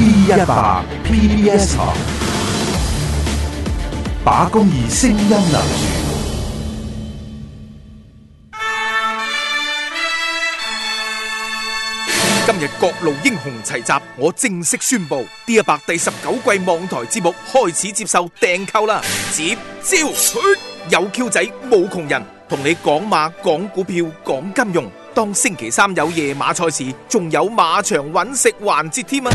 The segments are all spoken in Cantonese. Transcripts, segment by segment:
D 一百 PBS 台，把公義聲音留住。今日各路英雄齊集，我正式宣布 D 一百第十九季網台節目開始接受訂購啦！接招！有 Q 仔，冇窮人，同你講馬、講股票、講金融。當星期三有夜馬賽事，仲有馬場揾食環節添啊！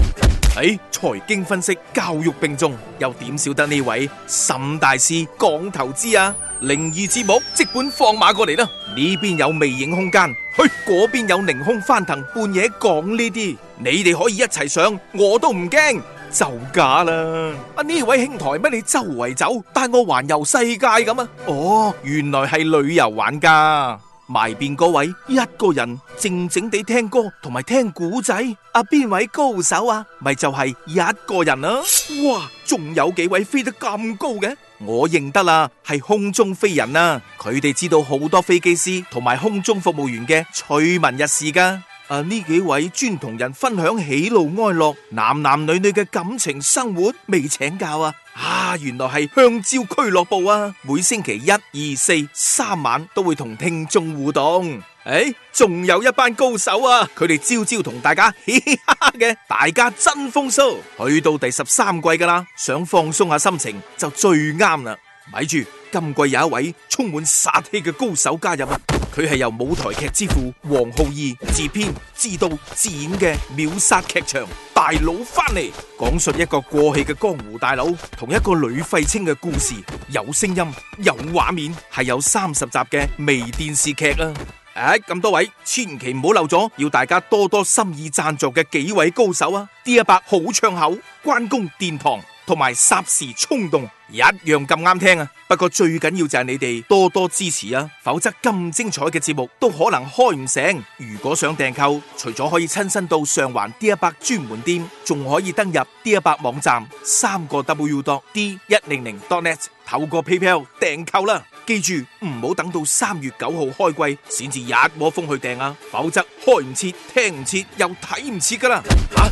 哎，財經分析、教育並重，又點少得呢位沈大師講投資啊？靈異節目即管放馬過嚟啦！呢邊有魅影空間，去嗰邊有凌空翻騰，半夜講呢啲，你哋可以一齊上，我都唔驚就假啦！啊，呢位兄台，乜你周圍走帶我環遊世界咁啊？哦，原來係旅遊玩家。埋邊嗰位一個人靜靜地聽歌同埋聽古仔，阿、啊、邊位高手啊？咪就係一個人啊！哇，仲有幾位飛得咁高嘅？我認得啦，係空中飛人啊！佢哋知道好多飛機師同埋空中服務員嘅趣聞軼事噶。啊！呢幾位專同人分享喜怒哀樂，男男女女嘅感情生活未請教啊！啊，原來係香蕉俱樂部啊！每星期一、二、四三晚都會同聽眾互動。誒、哎，仲有一班高手啊！佢哋朝朝同大家嘻嘻哈哈嘅，大家真風騷。去到第十三季噶啦，想放鬆下心情就最啱啦。咪住，今季有一位充滿殺氣嘅高手加入。佢係由舞台劇之父黃浩義自編自導自演嘅《秒殺劇場大佬》翻嚟，講述一個過氣嘅江湖大佬同一個女廢青嘅故事，有聲音有畫面，係有三十集嘅微電視劇啊。誒、哎，咁多位，千祈唔好漏咗，要大家多多心意贊助嘅幾位高手啊！D 一百好唱口，關公殿堂同埋霎時衝動。一樣咁啱聽啊！不過最緊要就係你哋多多支持啊，否則咁精彩嘅節目都可能開唔成。如果想訂購，除咗可以親身到上環 D 一百專門店，仲可以登入 D 一百網站，三個 W dot D 一零零 dot net 透過 PayPal 訂購啦。記住唔好等到三月九號開季先至一窩蜂去訂啊，否則開唔切、聽唔切又睇唔切噶啦。吓，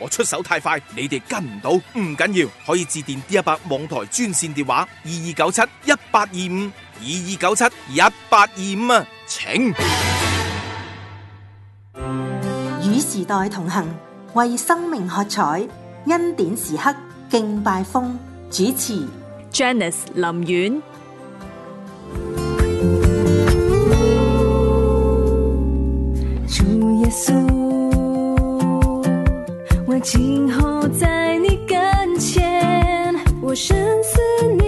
我出手太快，你哋跟唔到，唔緊要，可以致電 D 一百網台。專線電話二二九七一八二五，二二九七一八二五啊，25, 25, 請與時代同行，為生命喝彩，恩典時刻敬拜風主持 Janice 林苑，我深思你。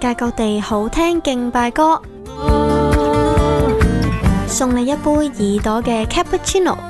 世界各地好聽敬拜歌，送你一杯耳朵嘅 Cappuccino。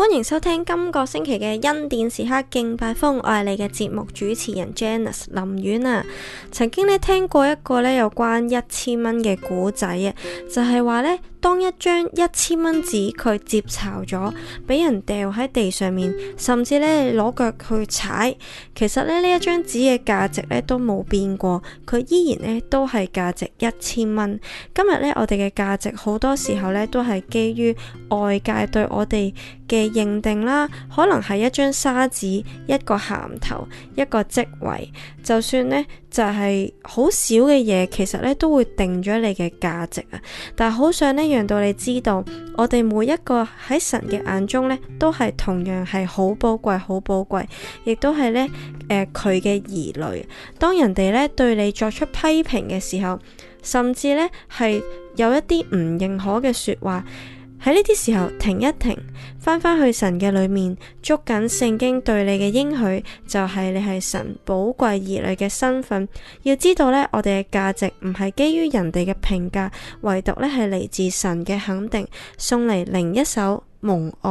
歡迎收聽今個星期嘅恩典時刻敬拜風，我係你嘅節目主持人 Janice 林苑啊。曾經呢聽過一個呢有關一千蚊嘅古仔啊，就係話呢。當一張一千蚊紙佢，接巢咗，俾人掉喺地上面，甚至咧攞腳去踩，其實咧呢一張紙嘅價值咧都冇變過，佢依然咧都係價值一千蚊。今日咧我哋嘅價值好多時候咧都係基於外界對我哋嘅認定啦，可能係一張沙紙、一個銜頭、一個職位，就算咧就係好少嘅嘢，其實咧都會定咗你嘅價值啊。但係好想呢。咧。讓到你知道，我哋每一個喺神嘅眼中咧，都係同樣係好寶貴、好寶貴，亦都係咧，誒佢嘅兒女。當人哋咧對你作出批評嘅時候，甚至咧係有一啲唔認可嘅說話。喺呢啲時候，停一停，翻返去神嘅裏面，捉緊聖經對你嘅應許，就係、是、你係神寶貴兒女嘅身份。要知道呢，我哋嘅價值唔係基於人哋嘅評價，唯獨呢係嚟自神嘅肯定，送嚟另一首《蒙愛》。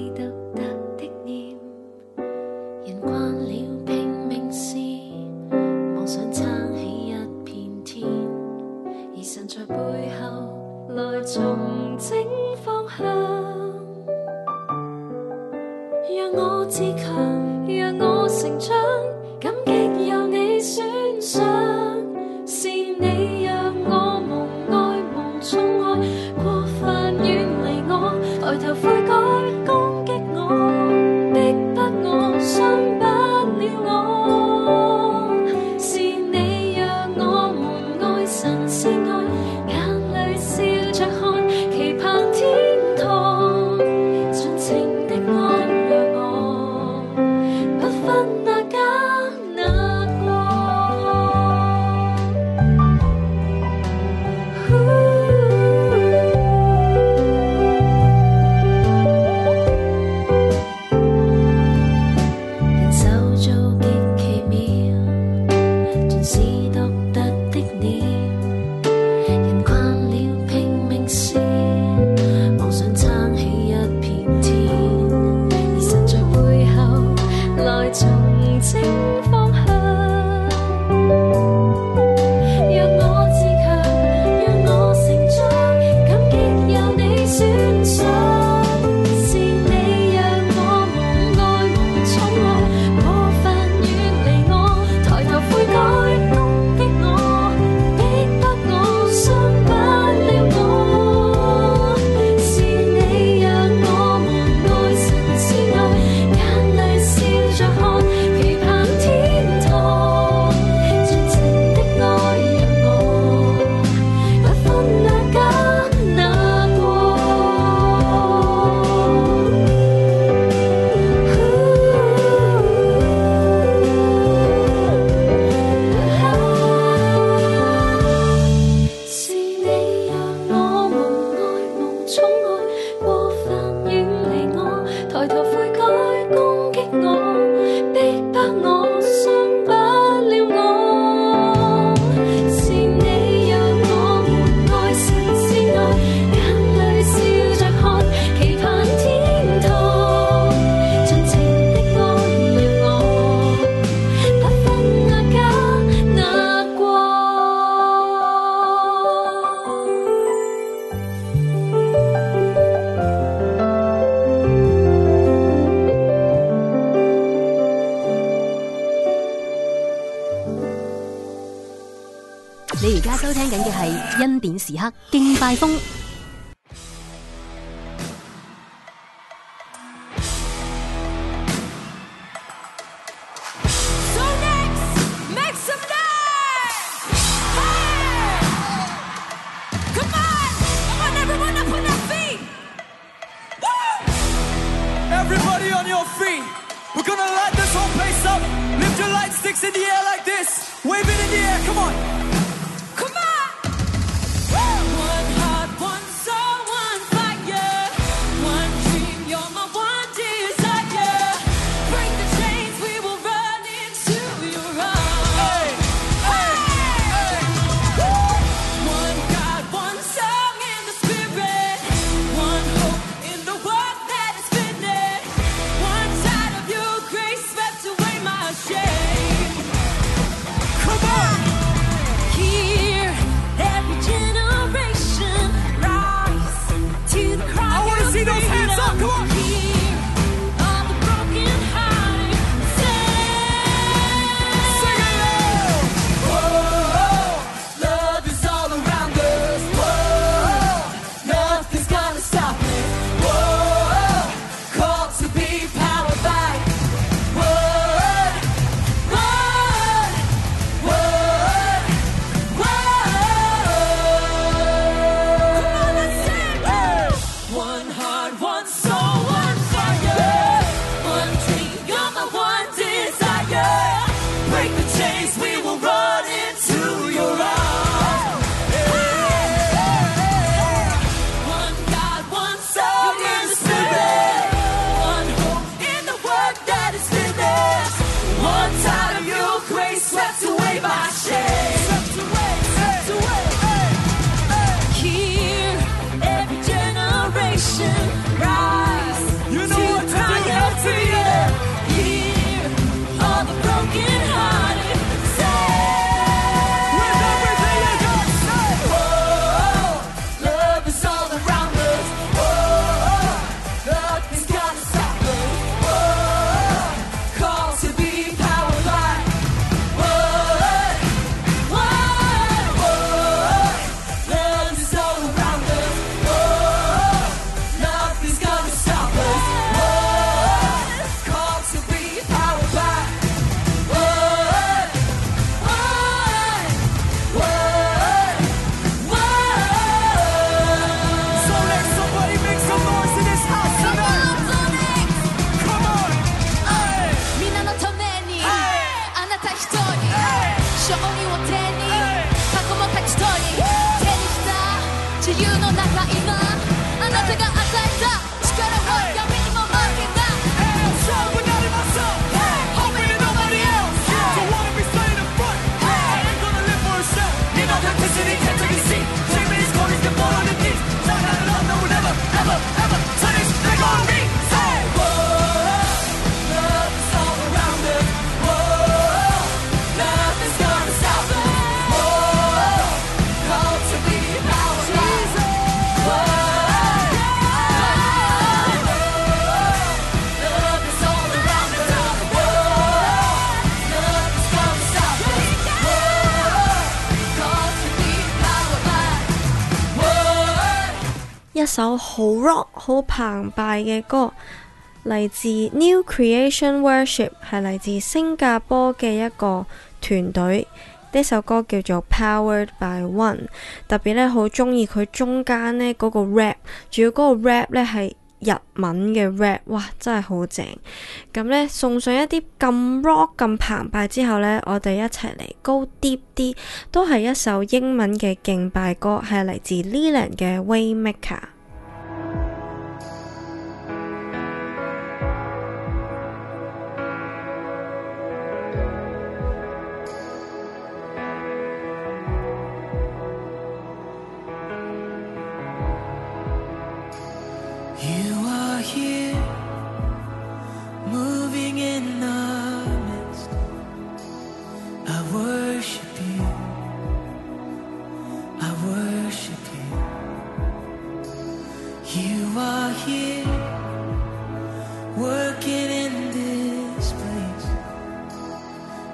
收聽緊嘅係恩典時刻敬拜風。一首好 rock 好澎湃嘅歌，嚟自 New Creation Worship，係嚟自新加坡嘅一個團隊。呢首歌叫做 Powered by One，特別咧好中意佢中間咧嗰個 rap，仲要個 rap 咧係。日文嘅 rap，哇，真係好正！咁呢，送上一啲咁 rock 咁澎湃之後呢，我哋一齊嚟 go deep 啲，都係一首英文嘅敬拜歌，係嚟自 Leeland 嘅 Way Maker。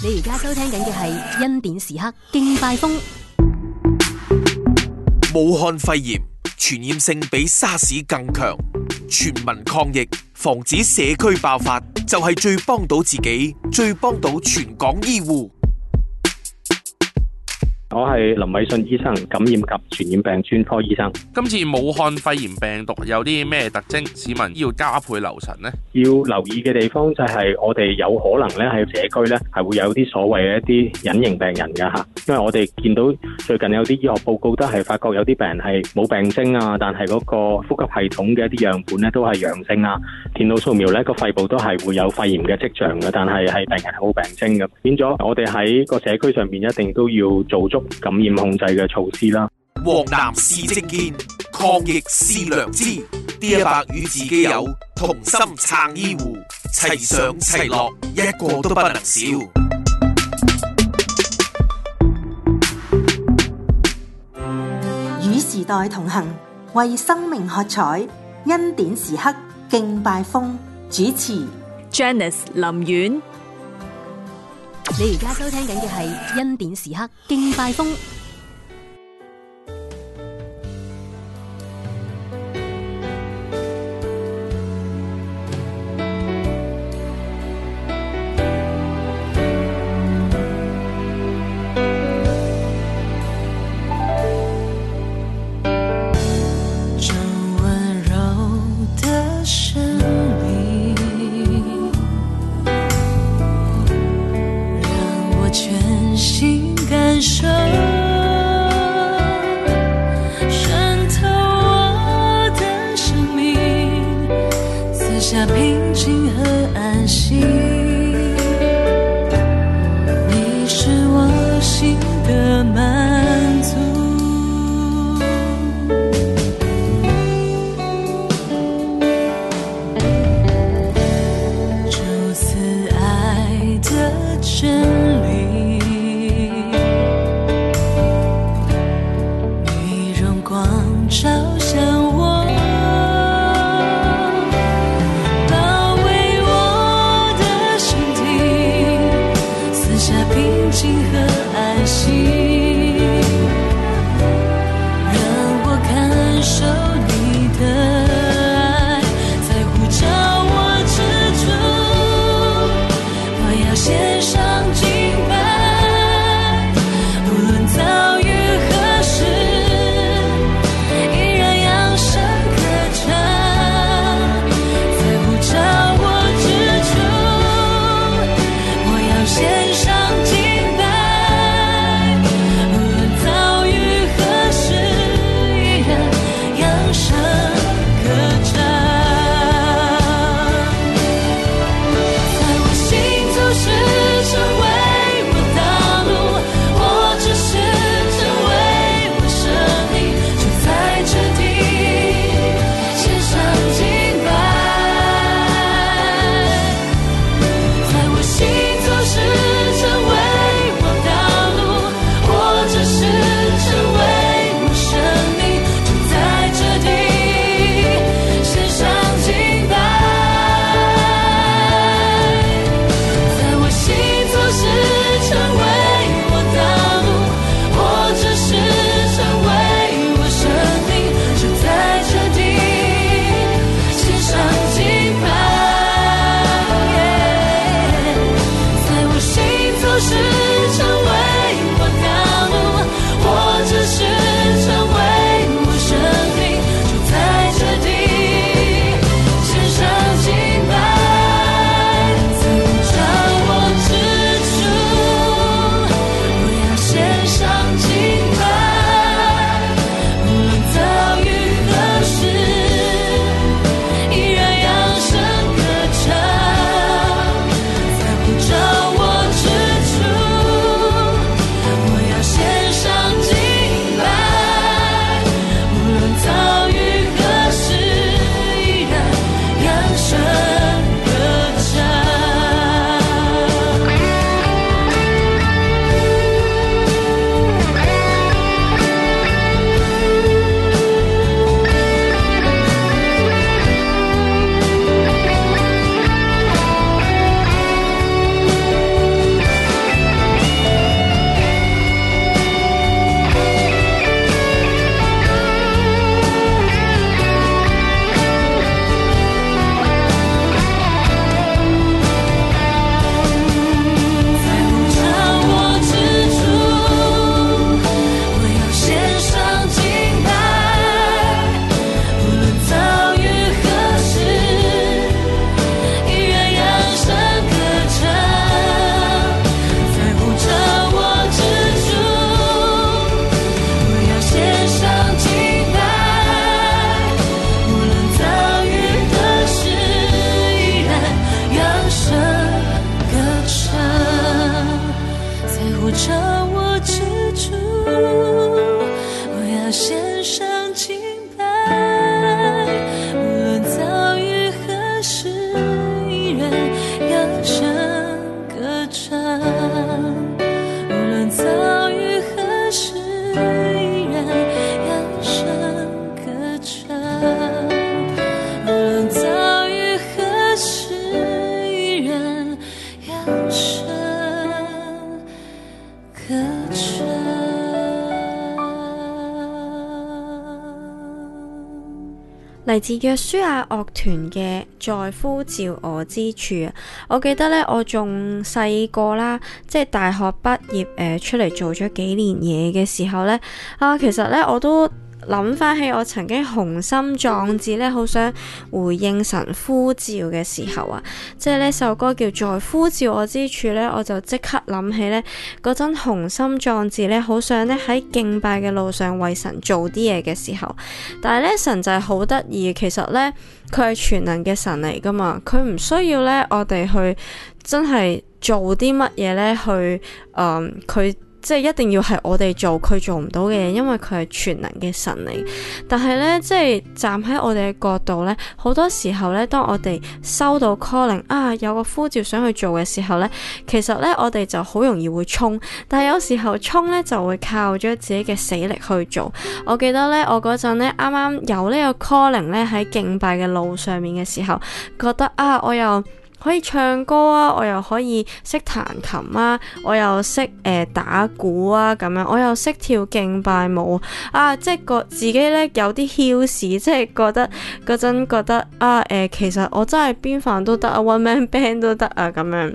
你而家收聽緊嘅係《恩典時刻敬拜風》。武漢肺炎傳染性比沙士更強，全民抗疫，防止社區爆發，就係最幫到自己，最幫到全港醫護。我係林偉信醫生，感染及傳染病專科醫生。今次武漢肺炎病毒有啲咩特徵？市民要加倍留神咧。要留意嘅地方就係我哋有可能咧喺社區咧係會有啲所謂嘅一啲隱形病人噶吓，因為我哋見到最近有啲醫學報告都係發覺有啲病人係冇病徵啊，但係嗰個呼吸系統嘅一啲樣本咧都係陽性啊。電腦掃描咧，個肺部都係會有肺炎嘅跡象嘅，但係係病人係冇病徵咁。變咗我哋喺個社區上面一定都要做足。感染控制嘅措施啦。王南事即見，抗疫是良知。D 一百與自己有同心撐醫護，齊上齊落，一個都不能少。與時代同行，為生命喝彩，恩典時刻敬拜風。主持，Janice 林苑。你而家收聽緊嘅係《恩典時刻》敬拜風。是約書亞樂團嘅在呼召我之處啊！我記得呢，我仲細個啦，即係大學畢業誒、呃，出嚟做咗幾年嘢嘅時候呢，啊，其實呢，我都。諗返起我曾經雄心壯志咧，好想回應神呼召嘅時候啊，即係呢首歌叫《在呼召我之處》呢，我就即刻諗起呢嗰陣雄心壯志咧，好想咧喺敬拜嘅路上為神做啲嘢嘅時候，但係呢，神就係好得意，其實呢，佢係全能嘅神嚟㗎嘛。佢唔需要呢我哋去真係做啲乜嘢呢？去，佢、嗯。即係一定要係我哋做，佢做唔到嘅嘢，因為佢係全能嘅神嚟。但係呢，即係站喺我哋嘅角度呢，好多時候呢，當我哋收到 calling 啊，有個呼召想去做嘅時候呢，其實呢，我哋就好容易會衝，但係有時候衝呢，就會靠咗自己嘅死力去做。我記得呢，我嗰陣呢，啱啱有呢個 calling 呢，喺敬拜嘅路上面嘅時候，覺得啊，我又……可以唱歌啊，我又可以識彈琴啊，我又識誒、呃、打鼓啊，咁樣我又識跳敬拜舞啊，啊即係覺自己呢，有啲囂士，即係覺得嗰陣覺得啊，誒、呃，其實我真係邊範都得啊，one man band 都得啊，咁樣。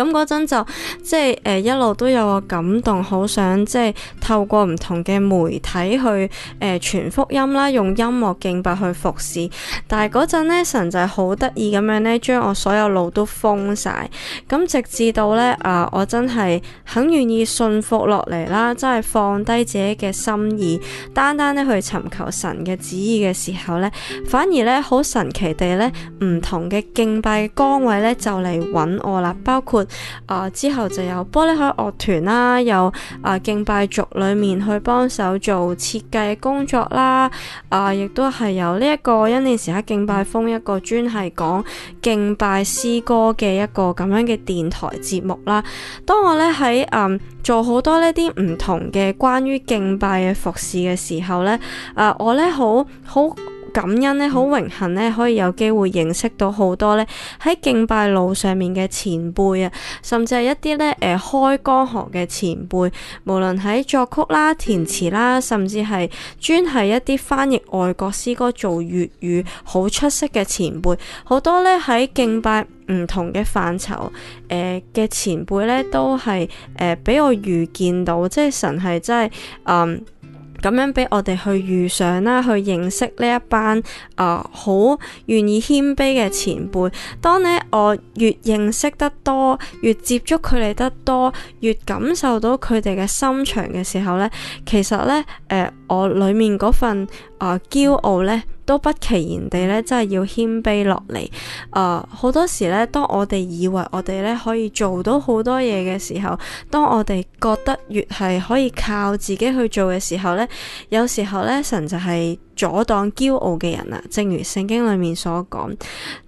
咁嗰陣就即係誒、呃、一路都有個感動，好想即係透過唔同嘅媒體去誒、呃、傳福音啦，用音樂敬拜去服侍。但係嗰陣呢，神就係好得意咁樣呢，將我所有路都封晒。咁直至到呢，啊、呃，我真係肯願意信服落嚟啦，真係放低自己嘅心意，單單呢去尋求神嘅旨意嘅時候呢，反而呢，好神奇地呢，唔同嘅敬拜崗位呢，就嚟揾我啦，包括。啊！之後就有玻璃海樂團啦，有啊敬拜族裡面去幫手做設計工作啦。啊，亦都係由呢一個一年時刻敬拜風一個專係講敬拜詩歌嘅一個咁樣嘅電台節目啦、啊。當我呢喺嗯做好多呢啲唔同嘅關於敬拜嘅服侍嘅時候、啊、呢，啊我呢好好。感恩呢，好榮幸呢，可以有機會認識到好多呢喺敬拜路上面嘅前輩啊，甚至係一啲呢誒開江河嘅前輩，無論喺作曲啦、填詞啦，甚至係專係一啲翻譯外國詩歌做粵語好出色嘅前輩，好多呢喺敬拜唔同嘅範疇嘅、呃、前輩呢，都係誒俾我遇見到，即係神係真係，嗯。咁樣俾我哋去遇上啦，去認識呢一班啊好願意謙卑嘅前輩。當咧我越認識得多，越接觸佢哋得多，越感受到佢哋嘅心腸嘅時候呢，其實呢，誒、呃，我裏面嗰份啊呃、驕傲呢。都不其然不期然地咧，真係要謙卑落嚟。啊、呃，好多時咧，當我哋以為我哋咧可以做到好多嘢嘅時候，當我哋覺得越係可以靠自己去做嘅時候咧，有時候咧，神就係。阻擋驕傲嘅人啊，正如聖經裏面所講，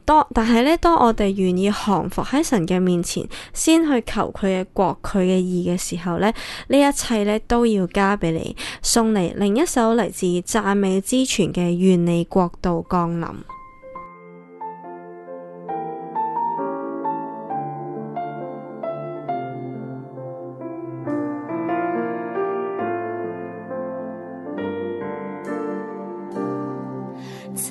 當但係咧，當我哋願意降服喺神嘅面前，先去求佢嘅國、佢嘅義嘅時候咧，呢一切咧都要加俾你，送嚟另一首嚟自讚美之泉嘅願你國度降臨。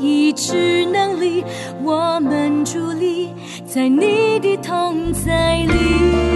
以之能力，我們佇立在你的同在裏。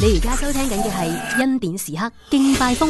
你而家收聽緊嘅係《恩典時刻勁快風》。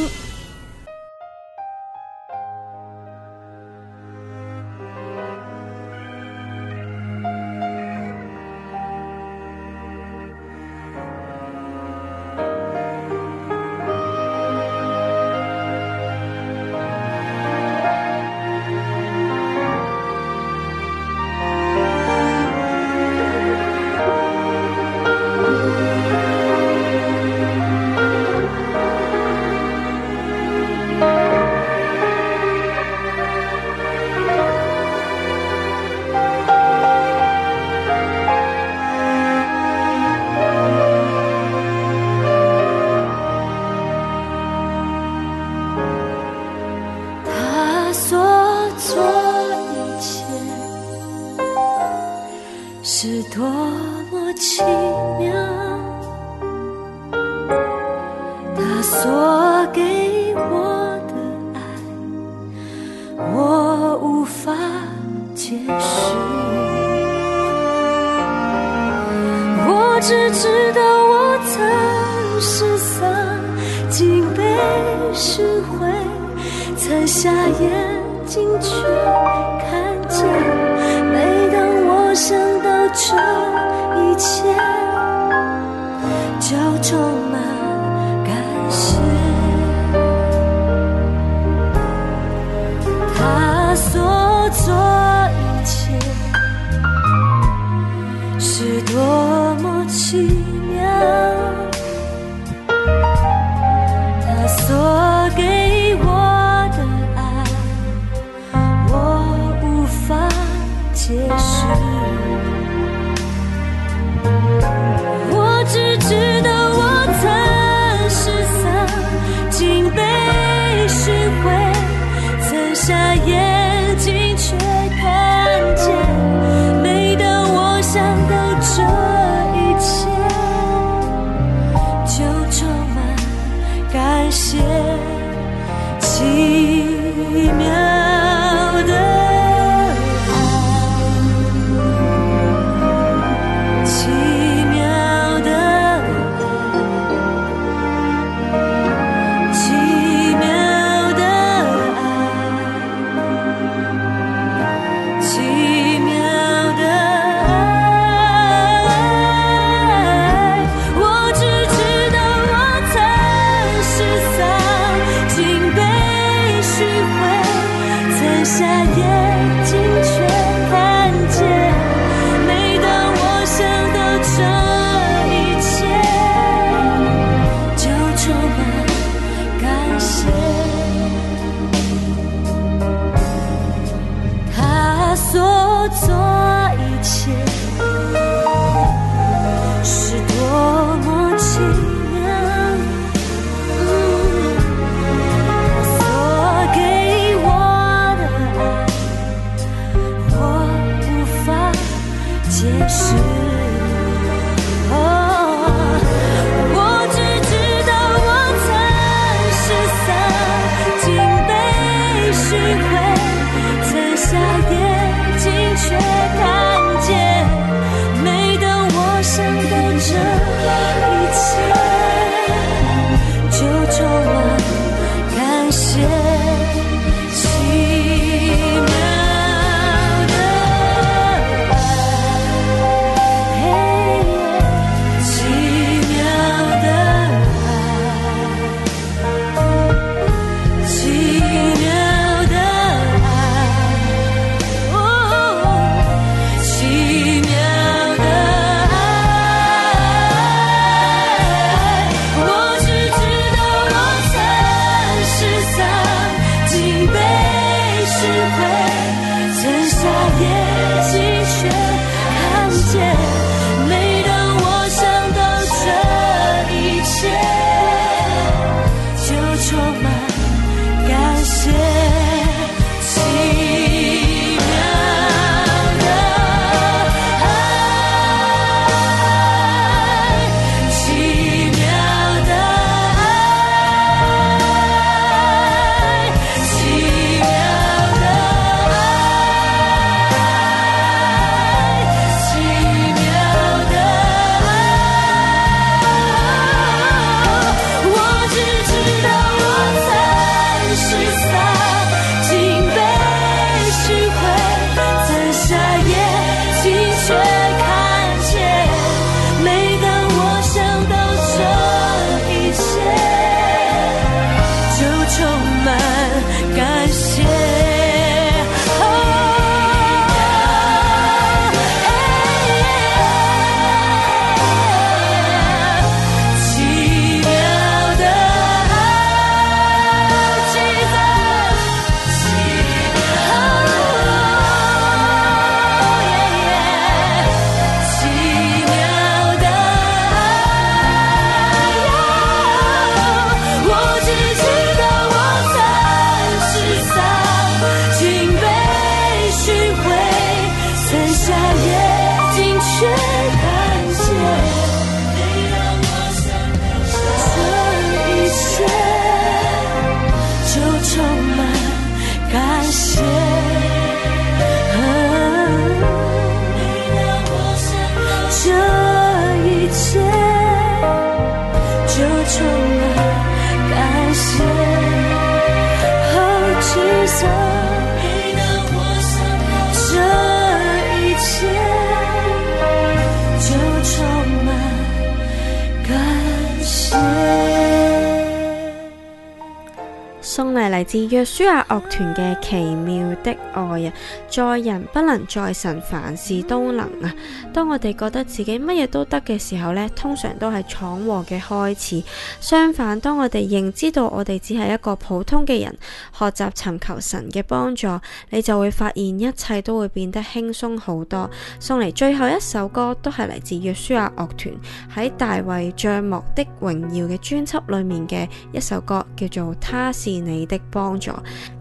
約書亞、啊、樂團嘅奇妙的愛啊，在人不能在神，在神凡事都能啊。當我哋覺得自己乜嘢都得嘅時候呢，通常都係闖禍嘅開始。相反，當我哋認知到我哋只係一個普通嘅人，學習尋求神嘅幫助，你就會發現一切都會變得輕鬆好多。送嚟最後一首歌都係嚟自約書亞樂團喺《大衛帳幕的榮耀》嘅專輯裏面嘅一首歌，叫做《他是你的幫助》。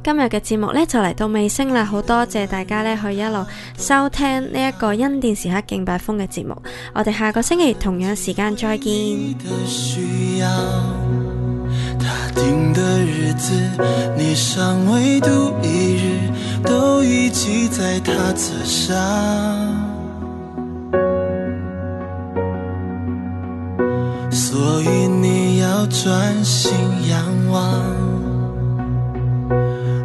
今日嘅節目呢，就嚟到尾聲啦，好多謝大家呢，去一路收聽呢一個恩典時刻敬拜風嘅節目，我哋下個星期同樣時間再見。他定的日子，你尚未度一日，都已經在他冊上，所以你要專心仰望。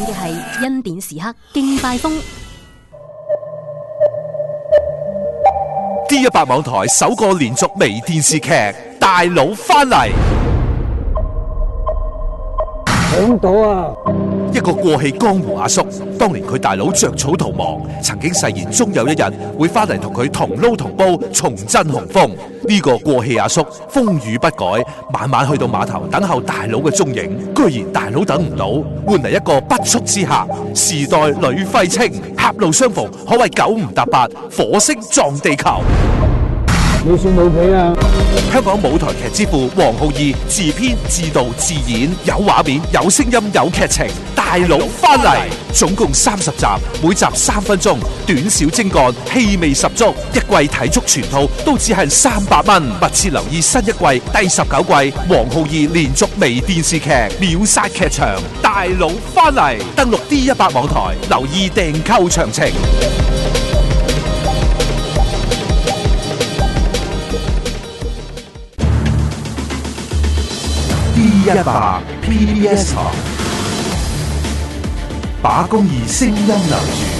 講嘅係恩典時刻敬拜風，D 一百網台首個連續微電視劇《大佬翻嚟》，響到啊！一個過氣江湖阿叔，當年佢大佬着草逃亡，曾經誓言終有一日會翻嚟，同佢同撈同煲，重振雄風。呢個過氣阿叔風雨不改，晚晚去到碼頭等候大佬嘅蹤影，居然大佬等唔到，換嚟一個不速之客。時代屢廢青，狹路相逢可謂九唔搭八，火星撞地球。你算冇皮啊！香港舞台劇之父黃浩義自編自導自演，有畫面、有聲音、有劇情，大佬翻嚟，總共三十集，每集三分鐘，短小精幹，氣味十足。一季睇足全套，都只係三百蚊。密切留意新一季第十九季，黃浩義連續微電視劇秒殺劇場，大佬翻嚟，登錄 D 一百網台，留意訂購詳情。P 一百 PBS 臺，把公義聲音留住。